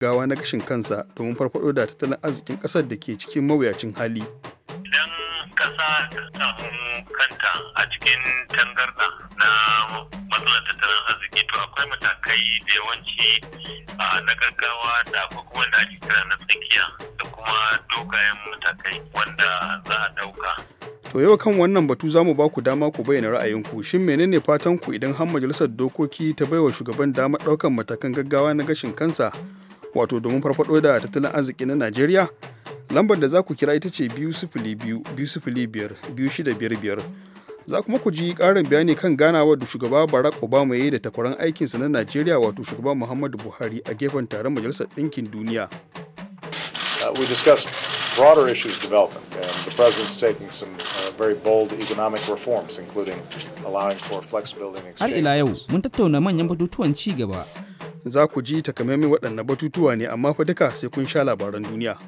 gawa na gashin kansa domin farfado da tattalin arzikin ƙasar da ke cikin mawuyacin hali. Idan ƙasa ta samu kanta a cikin tangarɗa na matsalar tattalin arziki to akwai matakai da yawanci na gaggawa da akwai kuma da ake na tsakiya da kuma dogayen matakai wanda za a ɗauka. To yau kan wannan batu za mu ba ku dama ku bayyana ra'ayinku shin menene fatan ku idan har majalisar dokoki ta baiwa shugaban damar ɗaukan matakan gaggawa na gashin kansa wato domin farfado da tattalin arziki na najeriya lambar da za ku kira ita ce biyu sifili biyu biyu sifili biyar biyu shida biyar biyar za kuma ku ji karin bayani kan ganawa da shugaba barack obama ya yi da takwaran aikinsa na najeriya wato shugaba muhammadu buhari a gefen taron majalisar ɗinkin duniya uh, we discussed broader issues developing, and the president's taking uh, reforms, including allowing for Har ila yau, mun tattauna manyan batutuwan ci gaba za ku ji takamaiman waɗannan batutuwa ne amma fa duka sai kun sha labaran duniya.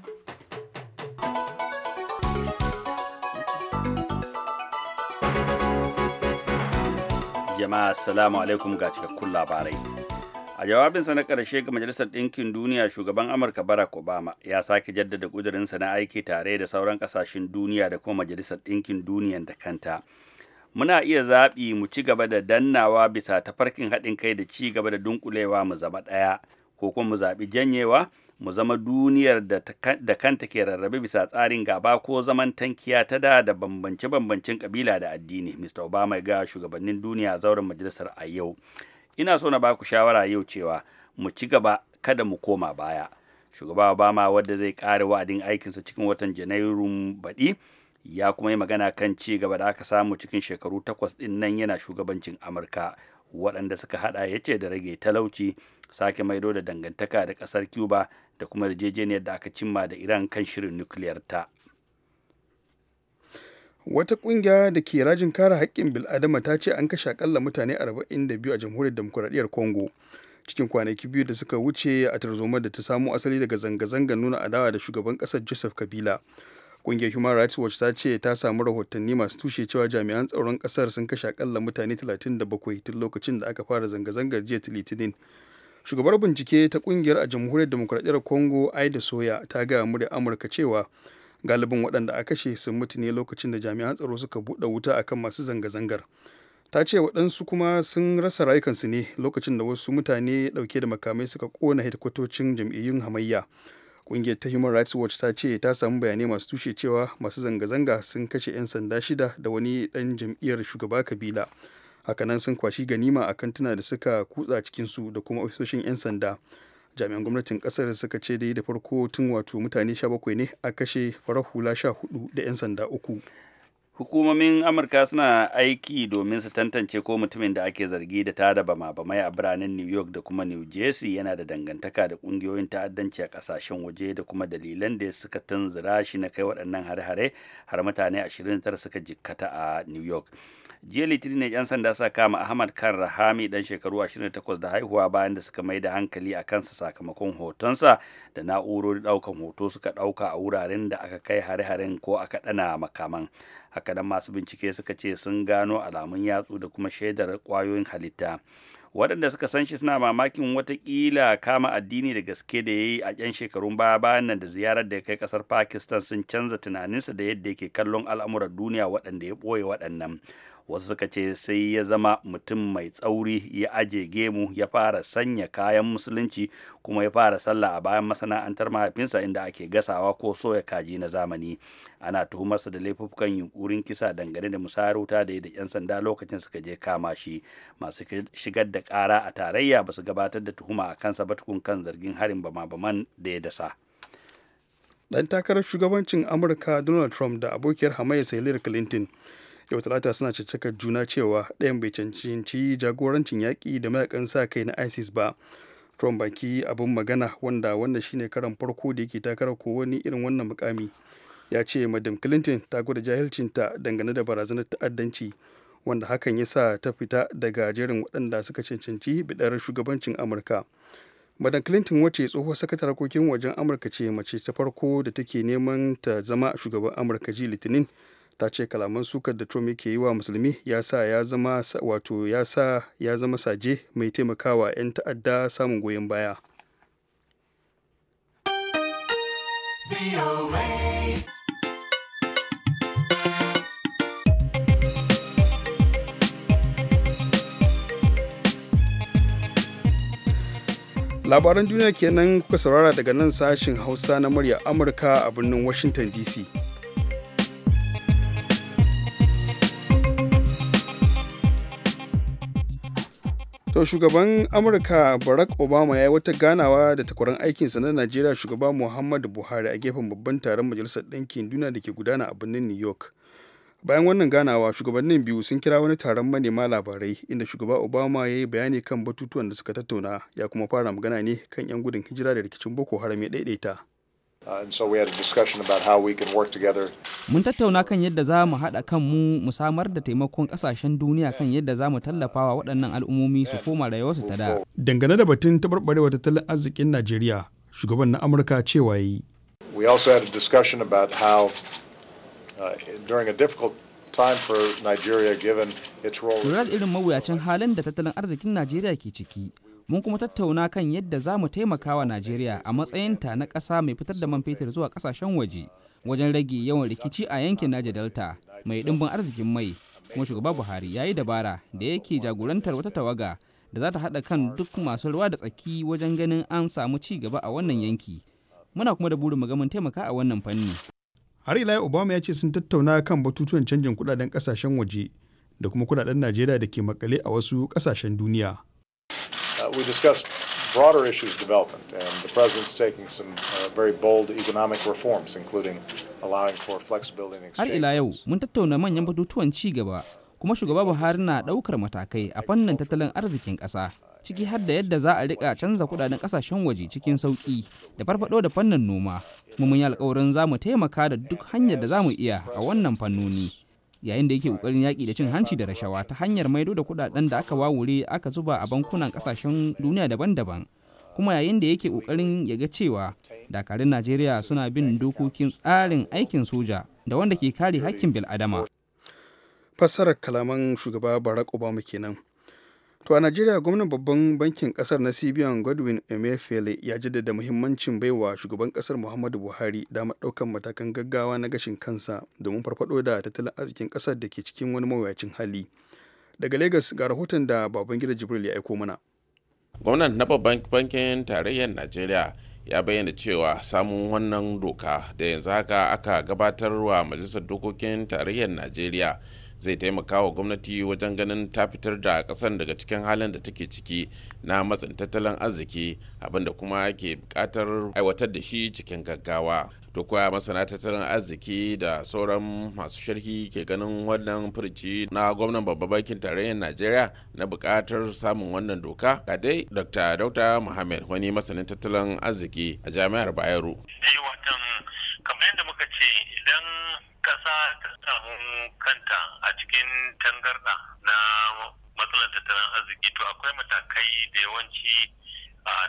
Jama'a as-salamu alaikum ga cikakkun labarai. A jawabin na ƙarshe ga Majalisar Ɗinkin Duniya shugaban Amurka Barack Obama ya sake jaddada ƙudurinsa na aiki tare da sauran ƙasashen duniya da kuma Majalisar Ɗinkin Duniya da kanta. muna iya zaɓi mu ci gaba da dannawa bisa tafarkin haɗin kai da ci gaba da dunkulewa mu zama ɗaya ko kuma mu zaɓi janyewa mu zama duniyar da kanta ke rarrabe bisa tsarin gaba ko zaman tankiya ta da da bambance-bambancen kabila da addini mr obama ga shugabannin duniya a zauren majalisar a yau ina so na baku shawara yau cewa mu ci gaba kada mu koma baya shugaba obama wadda zai kare wa'adin aikinsa cikin watan janairun baɗi ya kuma yi magana kan ci gaba da aka samu cikin shekaru takwas ɗin nan yana shugabancin amurka waɗanda suka hada ya ce da rage talauci sake maido da dangantaka da ƙasar cuba da kuma yarjejeniyar da aka cimma da iran kan shirin nukiliyar ta wata ƙungiya da ke rajin kare haƙƙin bil'adama ta ce an kashe akalla mutane 42 a jamhuriyar demokuraɗiyyar congo cikin kwanaki biyu da suka wuce a tarzoma da ta samo asali daga zanga zangan nuna adawa da shugaban ƙasar joseph kabila kungiyar Human Rights Watch ta ce ta samu rahotanni masu tushe cewa jami'an tsaron kasar sun kashe akalla mutane 37 tun lokacin da aka fara zanga-zangar jiya Litinin. Shugabar bincike ta ƙungiyar a Jamhuriyar Demokuraɗiyyar Congo Aida Soya ta gaya murya Amurka cewa galibin waɗanda a kashe sun mutu ne lokacin da jami'an tsaro suka buɗe wuta akan masu zanga-zangar. ta ce waɗansu kuma sun rasa rayukansu ne lokacin da wasu mutane ɗauke da makamai suka ƙona hedikwatocin jam'iyyun hamayya kungiyar ta human rights watch ta ce ta samu bayanai masu tushe cewa masu zanga-zanga sun kashe 'yan sanda shida da wani dan jam'iyyar shugaba kabila hakanan sun kwashi ganima a kantuna da suka kutsa cikinsu da kuma ofisoshin 'yan sanda jami'an gwamnatin kasar suka ce dai da farko tun wato mutane 17 ne a kashe farar hula 14 da 'yan sanda uku hukumomin amurka suna aiki domin su tantance ko mutumin da ake zargi da tada bama bamai a biranen new york da kuma new jersey yana da dangantaka da kungiyoyin ta'addanci a kasashen waje da kuma dalilan da suka tunzura shi na kai waɗannan hare-hare har mutane 29 suka jikkata a new york jiya litinin ne yan sanda sa kama ahmad kan rahami ɗan shekaru 28 da haihuwa bayan da suka mai da hankali a kansa sakamakon hotonsa da na'urori ɗaukan hoto suka ɗauka a wuraren da aka kai hare-haren ko aka ɗana makaman kadan masu bincike suka ce sun gano alamun yatsu da kuma shaidar kwayoyin halitta waɗanda suka san shi suna mamakin watakila kama addini da gaske da ya yi a 'yan shekarun baya bayan nan da ziyarar da ya kai ƙasar pakistan sun canza tunaninsa da yadda yake kallon al'amuran duniya waɗanda ya ɓoye waɗannan wasu suka ce sai ya zama mutum mai tsauri ya aje gemu ya fara sanya kayan musulunci kuma ya fara sallah a bayan masana'antar mahaifinsa inda ake gasawa ko soya kaji na zamani ana tuhumarsa da laifukan yunkurin kisa dangane da musayar wuta da da 'yan sanda lokacin suka je kama shi masu shigar da kara a tarayya ba su gabatar da tuhuma a kansa ba tukun kan zargin harin bama-baman da ya dasa dan takarar shugabancin amurka donald trump da abokiyar hamayya hillary clinton yau talata suna caccakar juna cewa ɗayan bai cancanci jagorancin yaƙi da mayakan sa kai na isis ba trump baki abin magana wanda wanda shine karan farko da yake takarar ko wani irin wannan mukami ya ce madam clinton ta gwada jahilcinta dangane da barazanar ta'addanci wanda hakan ya sa ta fita daga jerin waɗanda suka cancanci biɗar shugabancin amurka madam clinton wace tsohuwar sakatar harkokin wajen amurka ce mace ta farko da take neman ta zama shugaban amurka ji litinin ta ce kalaman sukar da trump yake yi wa musulmi ya sa ya zama wato ya sa ya zama saje mai taimakawa 'yan ta'adda samun goyon baya labaran duniya kenan kuka saurara daga nan sashen hausa na murya amurka a birnin washington dc To shugaban Amurka Barack Obama ya yi wata ganawa da takwaran aikinsa na Najeriya shugaba Muhammadu Buhari a gefen babban taron Majalisar Ɗinkin Duniya da ke gudana a birnin New York. Bayan wannan ganawa shugabannin biyu sun kira wani taron manema labarai inda shugaba Obama ya yi bayani kan batutuwan da suka tattauna ya kuma fara magana ne kan 'yan gudun hijira da rikicin Boko Haram ya ɗaiɗaita. Uh, Mun tattauna kan yadda za mu haɗa kan mu samar da taimakon ƙasashen duniya kan yadda za mu tallafa wa waɗannan al'ummomi su koma rayuwarsu ta da. Dangane da batun taɓarɓarewa tattalin arzikin Najeriya, shugaban na Amurka cewa yi. We also had a discussion about how uh, during a difficult time for Nigeria given its role. irin mawuyacin halin da tattalin arzikin Najeriya ke ciki, mun kuma tattauna kan yadda za mu taimaka wa najeriya a matsayinta na ƙasa mai fitar da man fetur zuwa ƙasashen waje wajen rage yawan rikici a yankin Niger delta mai ɗimbin arzikin mai kuma shugaba buhari ya yi dabara da yake jagorantar wata tawaga da za ta haɗa kan duk masu ruwa da tsaki wajen ganin an samu ci gaba a wannan yanki muna kuma da burin magamin taimaka a wannan fanni har ila obama ya ce sun tattauna kan batutuwan canjin kudaden kasashen waje da kuma kudaden najeriya da ke makale a wasu kasashen duniya uh, we discussed broader issues of development, and the president's taking some uh, very bold economic reforms, including allowing for flexibility in Har ila yau, mun tattauna manyan batutuwan ci gaba, kuma shugaba Buhari na ɗaukar matakai a fannin tattalin arzikin ƙasa, ciki har da yadda za a rika canza kuɗaɗen ƙasashen waje cikin sauƙi da farfaɗo da fannin noma. Mun yi alƙawarin za mu taimaka da duk hanyar da za mu iya a wannan fannoni. yayin da yake kokarin yaki da cin hanci da rashawa ta hanyar maido da kudaden da aka wawure aka zuba a bankunan kasashen duniya daban-daban kuma yayin da yake kokarin ya ga cewa dakarun najeriya suna bin dokokin tsarin aikin soja da wanda ke kare hakkin bil'adama fassarar kalaman shugaba barack obama kenan To a Najeriya gwamnan babban bankin kasar na CBN Godwin Emefiele ya jaddada muhimmancin baiwa shugaban kasar Muhammadu Buhari damar ɗaukan matakan gaggawa na gashin kansa domin farfado da tattalin arzikin kasar da ke cikin wani mawuyacin hali. Daga Lagos ga rahoton da Babangida Jibril ya aiko mana. Gwamnan na babban bankin tarayyar Najeriya ya bayyana cewa samun wannan doka da yanzu haka aka gabatarwa majalisar dokokin tarayyar Najeriya zai taimaka wa gwamnati wajen ganin ta fitar da kasar daga cikin halin da take ciki na matsin tattalin arziki abinda kuma ke bukatar aiwatar da shi cikin gaggawa to kuwa masana tattalin arziki da sauran masu sharhi ke ganin wannan furci na gwamnan babban bankin tarayyar najeriya na bukatar samun wannan doka ga dai dr dauta muhammad wani masanin tattalin arziki a jami'ar bayero eh, kamar yadda muka ce idan kasa ta samu kanta a cikin tangarɗa na matsalar tattalin arziki to akwai matakai da yawanci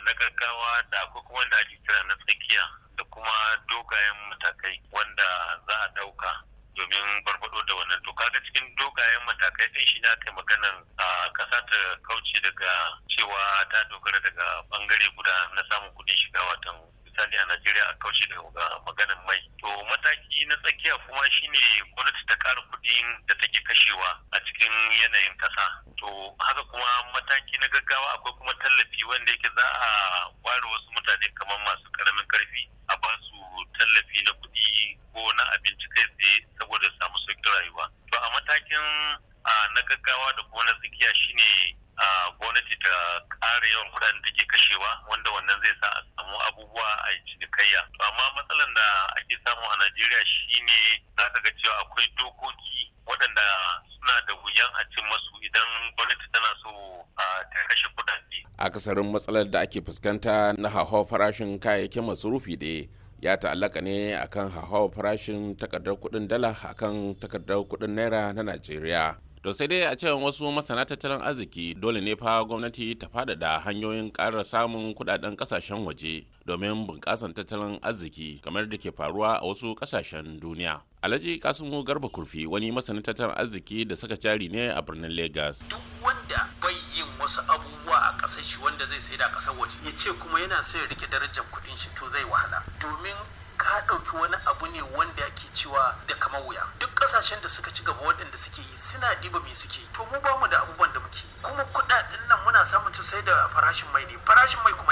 na gaggawa da akwai kuma da ake kira na tsakiya da kuma dogayen matakai wanda za a ɗauka domin barbado da wannan doka da cikin dogayen matakai ɗin shi na kai maganar a kasa ta kauce daga cewa ta dogara daga bangare guda na samun kuɗin shiga watan misali a Najeriya a kauce ga maganin mai. To mataki na tsakiya kuma shine gwamnati ta ƙara kuɗi da take kashewa a cikin yanayin ƙasa. To haka kuma mataki na gaggawa akwai kuma tallafi wanda yake za a ware wasu mutane kamar masu ƙaramin ƙarfi a ba su tallafi na kuɗi ko na abinci kai tsaye saboda samu sauƙin rayuwa. To a matakin na gaggawa da kuma na tsakiya shine gwamnati ta ƙara yawan kuɗaɗen da ke kashewa wanda wannan zai sa a samu abubuwa a cinikayya to amma matsalar da ake samu a najeriya shine za ka ga cewa akwai dokoki waɗanda suna da wuyan a cin masu idan gwamnati tana so ta kashe kuɗaɗe akasarin matsalar da ake fuskanta na hauhawar farashin kayayyakin masurufi da ya ta'allaka ne akan hauhawar farashin takardar kuɗin dala akan takardar kuɗin naira na najeriya to sai dai a cewa wasu masana tattalin arziki dole ne fa gwamnati ta faɗaɗa hanyoyin ƙara samun kuɗaɗen kasashen waje domin bunƙasan tattalin arziki kamar da ke faruwa a wasu kasashen duniya alhaji kasimu garba kurfi wani masana tattalin arziki da saka jari ne a birnin lagos duk wanda bai yin wasu abubuwa a ƙasar shi wanda zai sai da ƙasar waje ya ce kuma yana sai rike darajar kuɗin shi to zai wahala domin ka ɗauki wani abu ne wanda yake cewa da kama wuya duk ƙasashen da suka ci gaba waɗanda suke yi suna diba me suke to mu bamu da abubuwan da muke kuma kuɗaɗen nan muna samun su sai da farashin mai ne farashin mai kuma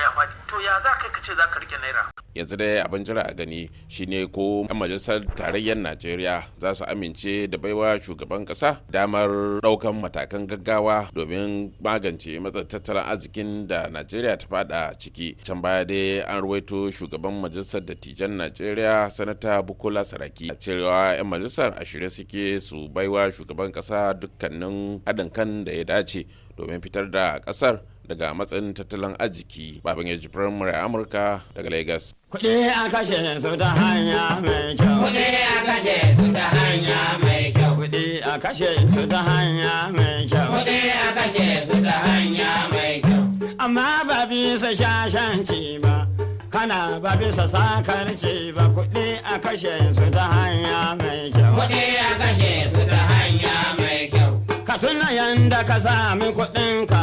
ya za kai ka ce za ka rike naira yanzu dai abin jira a gani shine ko 'yan majalisar tarayyar najeriya za su amince da baiwa shugaban kasa damar daukan matakan gaggawa domin magance matsa tattalin arzikin da najeriya ta fada ciki can baya dai an ruwaito shugaban majalisar dattijan najeriya sanata bukola saraki a cewa 'yan majalisar a shirye suke su baiwa shugaban kasa dukkanin haɗin kan da ya dace domin fitar da ƙasar daga matsayin tattalin arziki babin ya ji firamare amurka daga lagos kuɗi a kashe su ta hanya mai kyau kuɗi a kashe su ta hanya mai kyau kuɗi a kashe su ta hanya mai kyau kuɗi a kashe su ta hanya mai kyau amma ba bisa shashanci ba kana ba bisa sakarci ba kuɗi a kashe su ta hanya mai kyau. Kuɗi a kashe su ta hanya mai kyau. Ka tuna yanda ka sami kuɗinka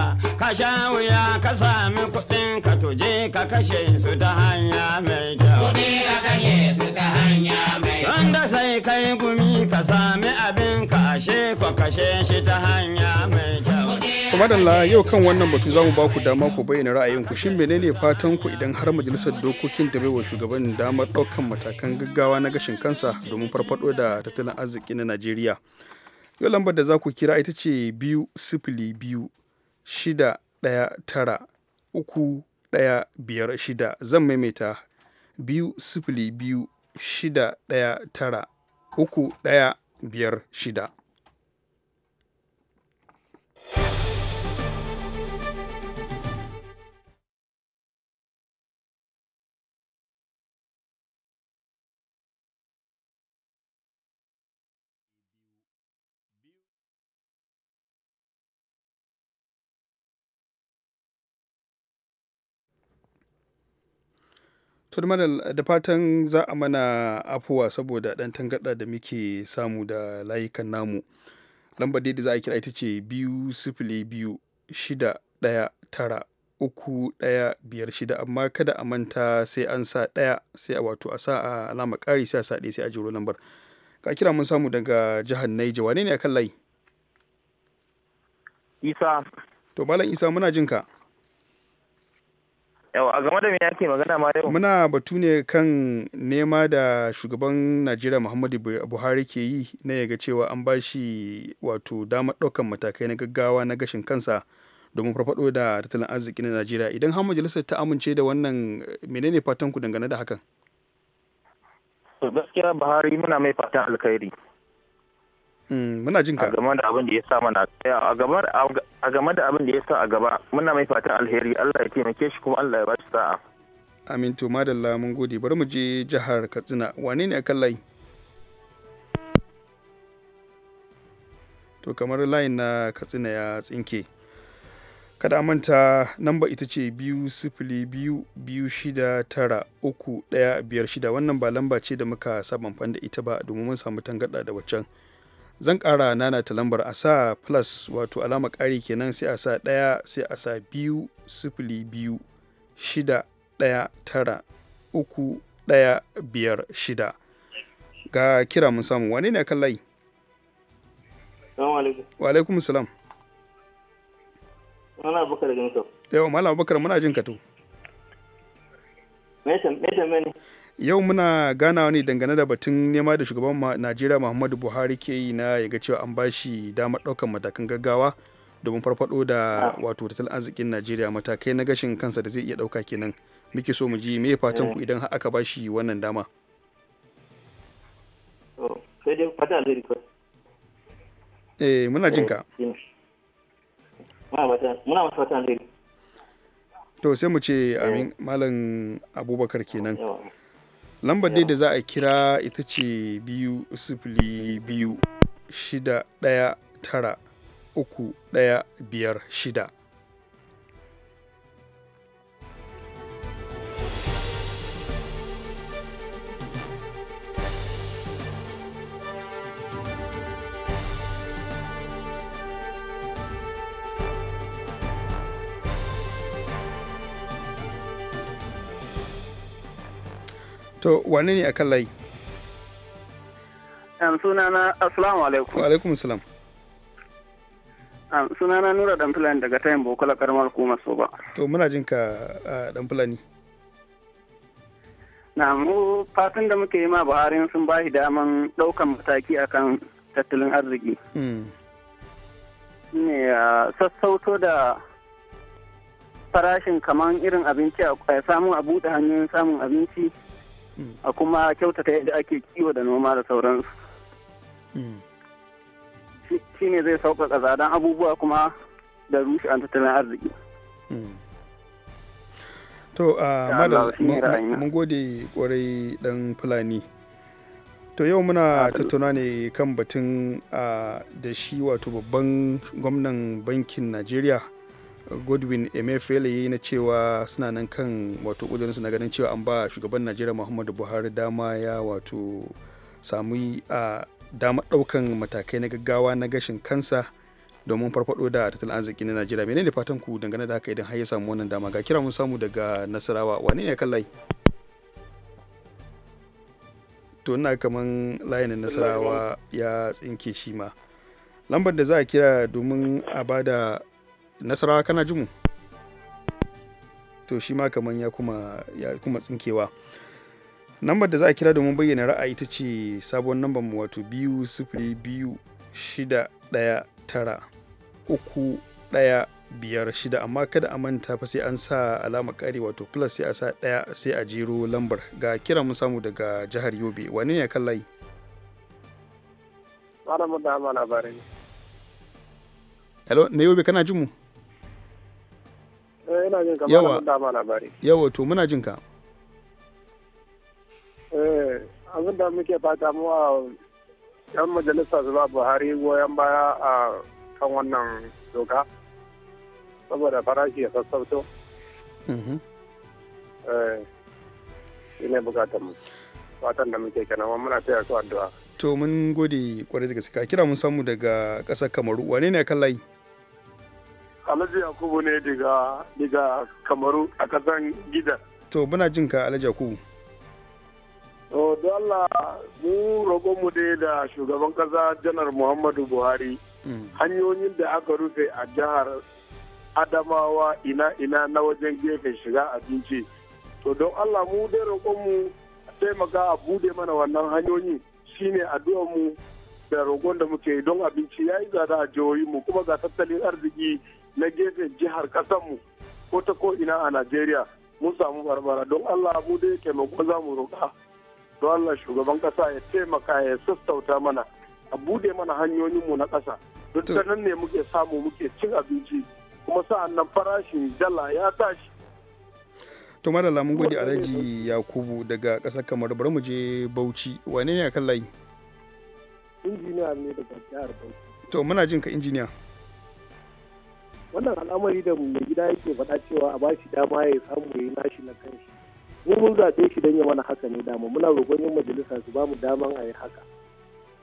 ka sha wuya ka sami kuɗin ka tuje ka kashe su ta hanya mai kyau. Kuɗi ka kashe su ta hanya mai kyau. Wanda sai kai gumi ka sami abin ka ashe ko kashe shi ta hanya mai kyau. Kuma da yau kan wannan batu za mu ba ku dama ku bayyana ra'ayinku shin menene fatan ku idan har majalisar dokokin da baiwa shugaban damar ɗaukan matakan gaggawa na gashin kansa domin farfaɗo da tattalin arziki na Najeriya. Yau lambar da za ku kira ita ce biyu sifili biyu shida ɗaya tara uku ɗaya biyar shida zan maimaita biyu sifili biyu shida ɗaya tara uku ɗaya biyar shida. turmanal da fatan za a mana afuwa saboda ɗan tangarɗa da muke samu da layukan namu lambar da za a kira ita ce biyu sifili biyu shida ɗaya tara uku ɗaya biyar shida amma kada a manta sai an sa ɗaya sai a wato a sa a alama ƙari sai a sa ɗaya sai a jiro lambar ka kira mun samu daga jihar Naija wane ne akan layi Isa to malam Isa muna jinka. a game da me ake magana ma yau? Muna batu ne kan nema da shugaban Najeriya Muhammadu Buhari ke yi na yaga cewa an ba shi wato dama ɗaukan matakai na gaggawa na gashin kansa domin farfaɗo da tattalin arziki na Najeriya. Idan har majalisar ta amince da wannan menene fatan ku dangane da hakan? To gaskiya Buhari muna mai fatan alkhairi. Mm, muna jin ka a game da abin da ya sa mana a game da abin da ya a gaba muna mai fatan alheri Allah ya taimake shi kuma Allah ya bashi sa'a amin to madalla mun gode bari mu je jihar Katsina wane ne akan layi to kamar layin na Katsina ya tsinke kada manta namba ita ce biyu sifili biyu tara uku ɗaya biyar shida wannan ba lamba ce da muka saban da ita ba domin mun samu tangarɗa da waccan zan ƙara nanata lambar a sa plus wato alama ƙari kenan sai a sa ɗaya sai a sa biyu sifili biyu shida ɗaya tara uku ɗaya biyar shida ga kira mun samu wane ne kan layi wa alaikum salam Mala Abubakar Yau, Mala bakar muna jin to. Metan, metan yau muna ganawa ne dangane da batun nema da shugaban najeriya muhammadu buhari ke yi na yaga cewa an bashi damar ɗaukar matakan gaggawa domin farfado da ah. wato tattalin arzikin najeriya matakai na gashin kansa da zai iya ɗauka kenan muke so mu ji me fatan ku eh. idan aka bashi wannan dama eh muna jin ka eh, to sai mu ce eh. amin malam abubakar kenan lambar dai da za a kira ita ce biyu sifili biyu shida ɗaya tara uku ɗaya biyar shida to wane ne akan layi um, sunana assalamu alaikum wa alaikum salam suna sunana nura dan fulani daga tayin bokola kuma so soba to muna jin ka uh, fulani na mu fatan da muke yi ma buhari sun ba shi daman ɗaukan mataki akan tattalin arziki hmm. ne ya sassauto da farashin kamar irin abinci a samun a da hanyoyin samun abinci a kuma kyautata yadda ake kiwo da noma da sauransu mm. shi ne zai sauƙaƙa zaɗan abubuwa kuma da rushe an tattalin arziki mm. to uh, a mun gode kwarai dan fulani to yau muna tattauna ne kan batun uh, da shi wato babban gwamnan bankin najeriya godwin emefiele yi na cewa suna nan kan wato ƙudurinsu na ganin cewa an ba shugaban najeriya muhammadu buhari dama ya wato sami a dama ɗaukan matakai na gaggawa na gashin kansa domin farfado da tattalin arziki na najeriya menene fatan ku dangane da haka idan har ya samu wannan dama ga kira mun samu daga nasarawa wane ne kan layi to ina kaman layin nasarawa ya tsinke shi ma lambar da za a kira domin a bada nasarawa kana jimu to shi ma kamar ya kuma ya kuma tsinkewa nambar da za a kira domin bayyana ra'ayi ita ce sabon lambar mu wato biyu sifiri biyu shida ɗaya tara uku ɗaya biyar shida amma kada a manta fa sai an sa alama kare wato plus sai a sa ɗaya sai a jero lambar ga kira mun samu daga jihar yobe wani ne kan layi Hello, na yobe kana jimu. Eh, ina jin ka yawa dama labari yawa to muna jin ka eh abin da muke fata mu a yan majalisa su Buhari goyon baya a kan wannan doka saboda farashi ya sassauto mm-hmm. eh ina bukatar mu fatan da muke kenan wa muna taya su addu'a to mun gode kwarai da gaske kira mun samu daga ƙasar Kamaru wane ne kan layi Alhaji Yakubu ne daga daga Kamaru a kasan gidan. To muna jin ka Alhaji Yakubu. To don Allah mu roƙo mu dai da shugaban ƙasa Janar Muhammadu Buhari. Mm. Hanyoyin da aka rufe a jihar Adamawa ina ina na wajen gefe shiga abinci. To don Allah mu dai roƙo mu taimaka a bude mana wannan hanyoyi shine addu'ar mu da rogon da muke don abinci ya yi tsada a jihohinmu kuma ga tattalin arziki na gefen jihar kasanmu ko ta ko ina a najeriya mun samu barbara don allah mu da yake mako za mu roƙa don allah shugaban ƙasa ya taimaka ya sassauta mana a bude mana hanyoyinmu na ƙasa duk ta nan ne muke samu muke cin abinci kuma sa'an nan farashin dala ya tashi to madalla mun gode alhaji yakubu daga ƙasar kamar bari mu je bauchi wane ne a kan layi injiniya ne daga jihar bauchi to muna jin ka injiniya wannan al'amari da mai gida yake faɗa cewa a bashi dama ya samu ya yi nashi na kanshi mu mun zaɓe shi don ya mana haka ne dama muna roƙon yin majalisa su ba mu daman a yi haka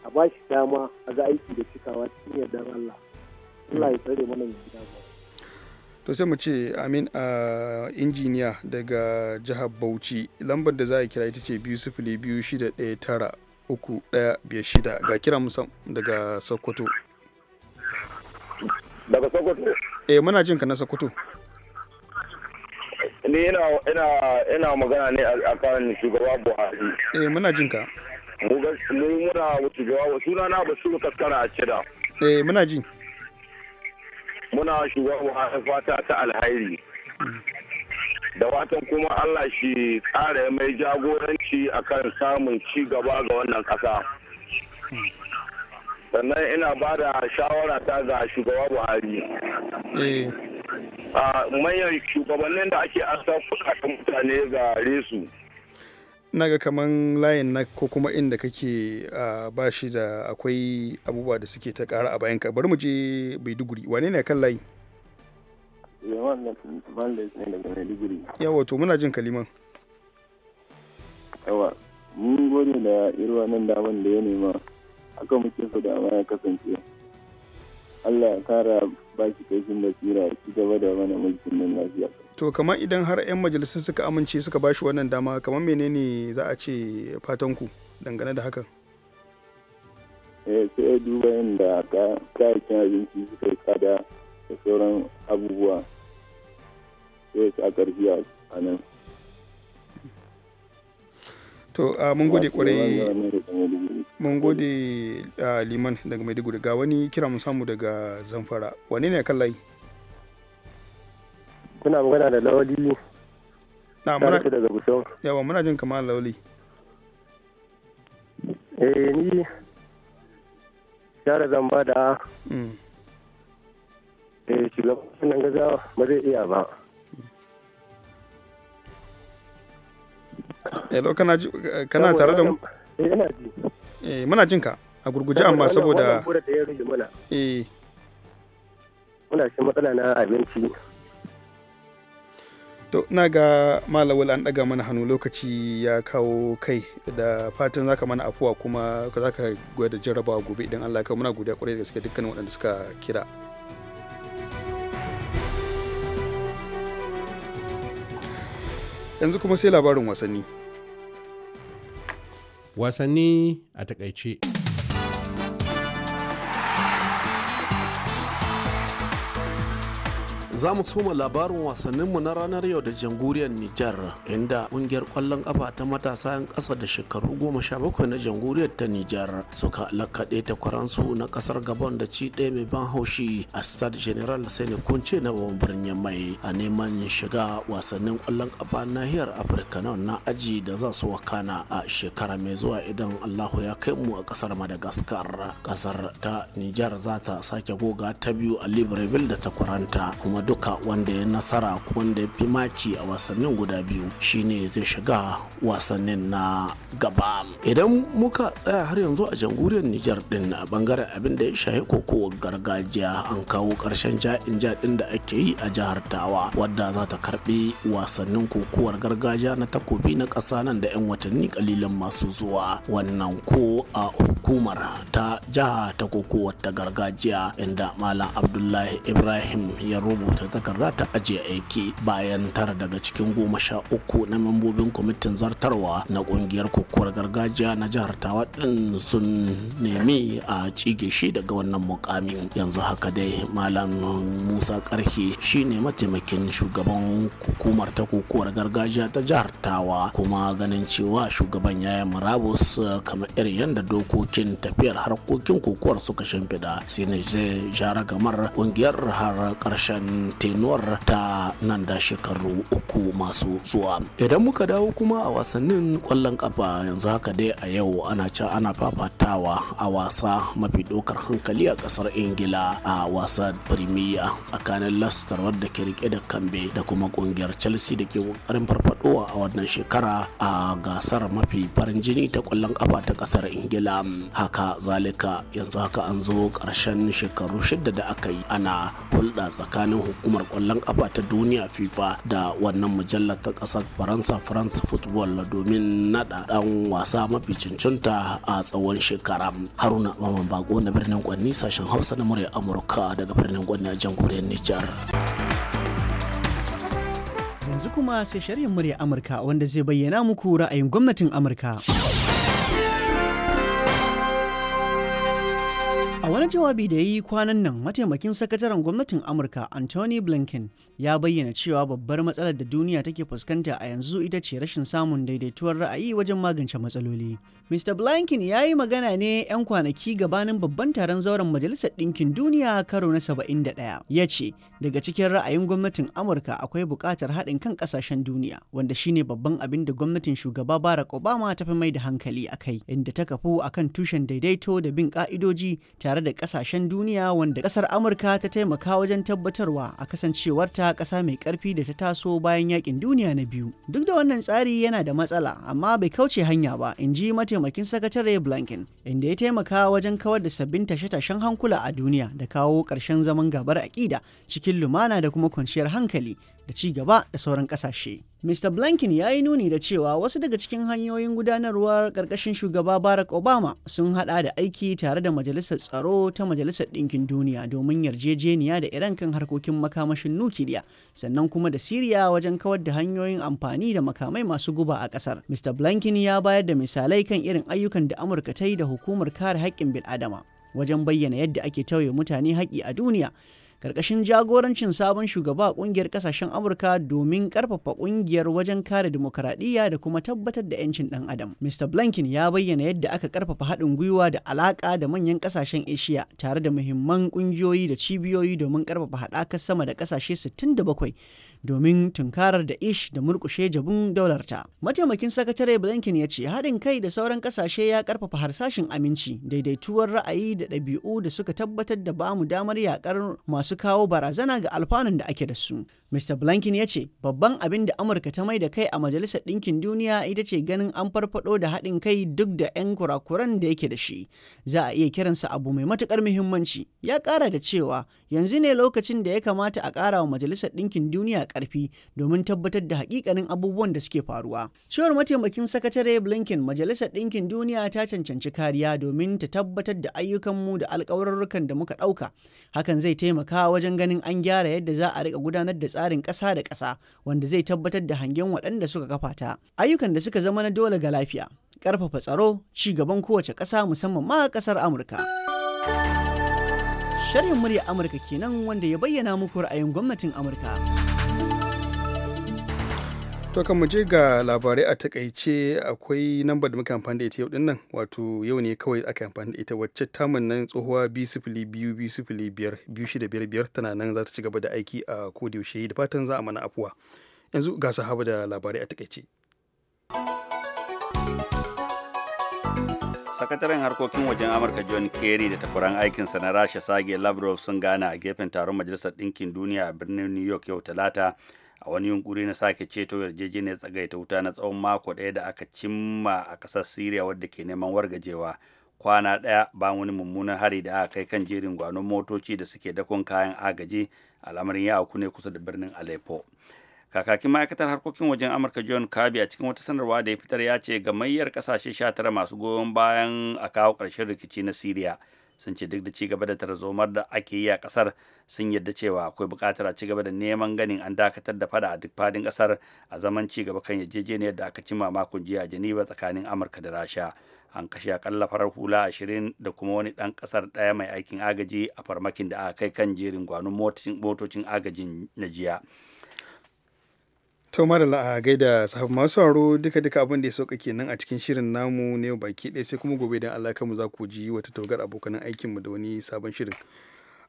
a bashi dama a ga aiki da cikawa cikin yardan Allah Allah ya tsare mana mu gida ba to sai mu ce amin a injiniya daga jihar Bauchi lambar da za a kira ita ce biyu sifili biyu shida uku ɗaya biyar ga kira musam daga Sokoto. daga sokoto eh muna jin ka na sokoto ni ina ina ina magana ne akan shugaba buhari eh muna jin ka mu muna wuce jawabu suna na basiru kaskara a cida eh muna ji muna shugaba buhari fata ta alhairi da watan kuma allah shi tsara mai jagoranci akan samun ci gaba ga wannan kasa sannan ina ba da shawara ta ga shugaba buhari eh. a manyan shugabannin da ake asa kudaden mutane ga resu na ga kaman layin na ko kuma inda kake ba shi da akwai abubuwa da suke ta kara a bayan ka bari mu je maiduguri wane ne kan layi yawa to muna jin kaliman yawa mun gode da irwanin nan da ya nema haka muke su da ya kasance Allah ya kara ba shi kaifin da tsira ci gaba da mana mulkin nan lafiya to kamar idan har 'yan majalisun suka amince suka ba shi wannan dama kamar menene za a ce fatan ku dangane da hakan eh sai ya duba yadda kayayyakin abinci suka yi tsada da sauran abubuwa sai ya ƙarfi a nan to ah, mun gode kwarai mun gode ah, liman daga maiduguri ga wani kira mun samu daga zamfara wani ne kan layi kuna magana da lawali na muna daga busau yawa muna jin kamar lawali eh ni shara zan ba da mm. eh shugaban nan gaza ba zai iya ba hello kana kana tare da mu eh, eh muna jin ka a gurguje amma saboda eh muna shi matsala na abinci to na ga malawul an daga mana hannu lokaci ya kawo kai da fatan zaka mana afuwa kuma zaka gwada jarrabawa gobe idan Allah ka muna godiya kwarai da suka dukkanin waɗanda suka kira yanzu kuma sai labarin wasanni wasanni a takaice. za mu soma labarin wasanninmu na ranar yau da jamhuriyar Nijar inda kungiyar kwallon kafa ta matasa 'yan ƙasa da shekaru goma sha bakwai na jamhuriyar ta Nijar suka lakaɗe ta kwaransu na ƙasar Gabon da ci ɗaya mai ban haushi a Stade General Sani Kunce na babban birnin mai a neman shiga wasannin kwallon kafa nahiyar Afirka na wannan aji da za su wakana a shekara mai zuwa idan Allahu ya kai mu a ƙasar Madagascar. Ƙasar ta Nijar za ta sake goga ta biyu a Libreville da ta kwaranta kuma duka wanda ya nasara kuma wanda ya fi maki a wasannin guda biyu shine zai shiga wasannin na gaba idan muka tsaya har yanzu a jamhuriyar nijar din a bangaren abin da ya shahi kokowar gargajiya an kawo karshen ja'in ja ɗin da ake yi a jihar tawa wadda za ta wasannin kokowar gargajiya na takobi na ƙasa nan da 'yan watanni kalilan masu zuwa wannan ko a hukumar ta jiha ta kokowar ta gargajiya inda malam abdullahi ibrahim ya rubuta takarda ta ajiye aiki bayan tara daga cikin goma sha uku na membobin kwamitin zartarwa na kungiyar kokowar gargajiya na jihar tawa din sun nemi a cige shi daga wannan mukamin yanzu haka dai malam musa karhe shine mataimakin shugaban hukumar ta kokowar gargajiya ta jihar tawa kuma ganin cewa shugaban yaya murabus eh, kamar irin yadda dokokin tafiyar harkokin kokowar suka shimfiɗa sai ne zai jara gamar kungiyar har ƙarshen tenor ta nan da shekaru uku masu zuwa idan muka dawo kuma a wasannin kwallon kafa yanzu haka dai a yau ana can ana fafatawa a wasa mafi dokar hankali a ƙasar ingila a wasan premier tsakanin leicester wadda ke rike da kambe da kuma ƙungiyar chelsea da ke kokarin farfadowa a wannan shekara a gasar mafi farin jini ta kwallon kafa ta ƙasar ingila haka zalika yanzu haka an zo karshen shekaru shidda da aka yi ana hulɗa tsakanin hukumar kwallon kafa ta duniya fifa da wannan mujallar ta kasar faransa france football domin nada dan wasa mafi cincinta a tsawon shekara haruna maman bako na birnin kwanni sashen hausa na murya amurka daga birnin kwanni a jamhuriyar nijar yanzu kuma sai shari'in murya amurka wanda zai bayyana muku ra'ayin gwamnatin amurka wani jawabi da ya yi kwanan nan mataimakin sakataren gwamnatin Amurka Anthony Blinken ya bayyana cewa babbar matsalar da duniya take fuskanta a yanzu ita ce rashin samun daidaituwar ra'ayi wajen magance matsaloli. Mr. Blinken ya yi magana ne 'yan kwanaki gabanin babban taron zauren Majalisar Ɗinkin Duniya karo na saba'in da ɗaya. Ya ce, daga cikin ra'ayin gwamnatin Amurka akwai buƙatar haɗin kan ƙasashen duniya, wanda shine babban abin da gwamnatin shugaba Barack Obama ta fi mai da hankali a kai, inda ta kafu akan tushen daidaito da bin ƙa'idoji tare da kasashen duniya wanda kasar amurka ta taimaka wajen tabbatarwa a kasancewarta kasa mai karfi da ta taso bayan yakin duniya na biyu duk da wannan tsari yana da matsala amma bai kauce hanya ba in ji mataimakin sakatare blanken inda ya taimaka wajen kawar da sabbin tashe-tashen hankula a duniya da kawo ƙarshen zaman gabar aƙida cikin lumana da kuma kwanciyar hankali da ci gaba da sauran kasashe. Mr. Blanken ya yi nuni da cewa wasu daga cikin hanyoyin gudanarwar ƙarƙashin shugaba Barack Obama sun haɗa da aiki tare da Majalisar Tsaro ta Majalisar Ɗinkin Duniya domin yarjejeniya da Iran kan harkokin makamashin nukiliya, sannan kuma da Siriya wajen kawar da hanyoyin amfani da makamai masu guba a ƙasar. Mr. Blanken ya bayar da misalai kan irin ayyukan da Amurka ta yi da Hukumar Kare Haƙƙin Bil'adama wajen bayyana yadda ake tauye mutane haƙƙi a duniya karkashin jagorancin sabon shugaba kungiyar kasashen amurka domin karfafa kungiyar wajen kare demokaradiyya da kuma tabbatar da 'yancin dan adam mr blinken ya bayyana yadda aka karfafa haɗin gwiwa da alaƙa da manyan kasashen asia tare da muhimman kungiyoyi da cibiyoyi domin karfafa haɗakar sama da kasashe 67 domin tunkarar da ish da murkushe jabun daularta mataimakin sakatare blinken ya ce haɗin kai da sauran ƙasashe ya ƙarfafa harsashin aminci daidaituwar ra'ayi da ɗabi'u da suka tabbatar da ba mu damar yaƙar masu kawo barazana ga alfanun da ake da su Mr. Blinken ya ce babban abin da Amurka ta mai da kai a Majalisar Ɗinkin Duniya ita ce ganin an farfaɗo da haɗin kai duk da 'yan kurakuran da yake da shi. Za a iya kiransa abu mai matuƙar muhimmanci. Ya ƙara da cewa yanzu ne lokacin da ya kamata a ƙara wa Majalisar Ɗinkin Duniya ƙarfi domin tabbatar da hakikanin abubuwan da suke faruwa. Cewar mataimakin sakatare Blinken Majalisar Ɗinkin Duniya ta cancanci kariya domin ta tabbatar da ayyukanmu da alkawarurrukan da muka ɗauka. Hakan zai taimaka wajen ganin an gyara yadda za a riƙa gudanar da tsarin ƙasa da ƙasa wanda zai tabbatar da hangen waɗanda suka kafa ta. Ayyukan da suka zama na dole ga lafiya, ƙarfafa tsaro, ci gaban kowace ƙasa musamman ma ƙasar Amurka. Sharhin murya Amurka kenan wanda ya bayyana muku ra'ayin gwamnatin Amurka. to kan mu je ga labarai a takaice akwai namba da muka amfani da ita yau din nan wato yau ne kawai aka amfani da ita wacce tamun nan tsohuwa b biyu b biyar biyu shida biyar biyar tana nan za ta ci gaba da aiki a yaushe da fatan za a mana afuwa yanzu ga sahaba da labarai a takaice sakataren harkokin wajen amurka john kerry da takwaran aikinsa na rasha sage lavrov sun gana a gefen taron majalisar ɗinkin duniya a birnin new york yau talata a wani yunkuri na sake ceto yarjejeniyar tsagaita wuta na tsawon mako ɗaya da aka cimma a ƙasar siriya wadda ke neman wargajewa kwana ɗaya bayan wani mummunan hari da aka kai kan jerin gwanon motoci da suke dakon kayan agaji al'amarin ya auku ne kusa da birnin aleppo kakakin ma'aikatar harkokin wajen amurka john kirby a cikin wata sanarwa da ya fitar ya ce gamayyar kasashe 19 masu goyon bayan a kawo ƙarshen rikici na siriya sun ce duk da ci gaba da tarzomar da ake yi a kasar sun yadda cewa akwai bukatar a ci gaba da neman ganin an dakatar da fada a duk fadin kasar a zaman ci gaba kan yarjejeniyar da aka cimma makon jiya a Geneva tsakanin Amurka da Rasha an kashe akalla farar hula ashirin da kuma wani ɗan ƙasar ɗaya mai aikin agaji a farmakin da aka kai kan jerin gwanon motocin agajin na jiya. To madalla a gaida sahabu masu sauraro duka duka abin da ya sauka kenan a cikin shirin namu ne baki ɗaya sai kuma gobe idan Allah kamu za ku ji wata taugar abokan aikinmu da wani sabon shirin.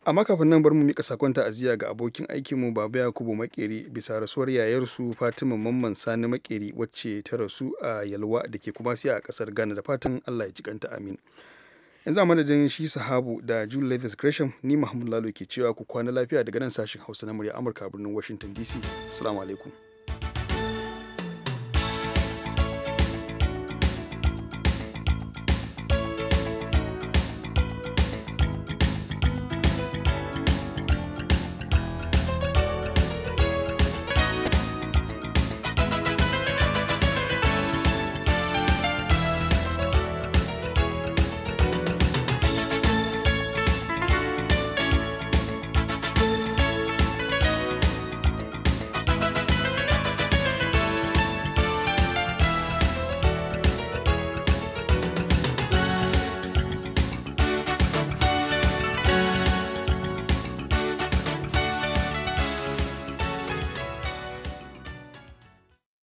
Amma kafin nan bari mu mika sakon ta'aziyya ga abokin aikinmu Baba Yakubu Makeri bisa rasuwar yayarsu Fatima Mamman Sani Makeri wacce ta rasu a Yalwa da ke kuma a kasar Ghana da fatan Allah ya ji kanta amin. Yanzu a madadin shi sahabu da Jule Lathis Gresham ni Muhammadu Lalo ke cewa ku kwana lafiya daga nan sashen Hausa na murya Amurka birnin Washington DC. Assalamu alaikum.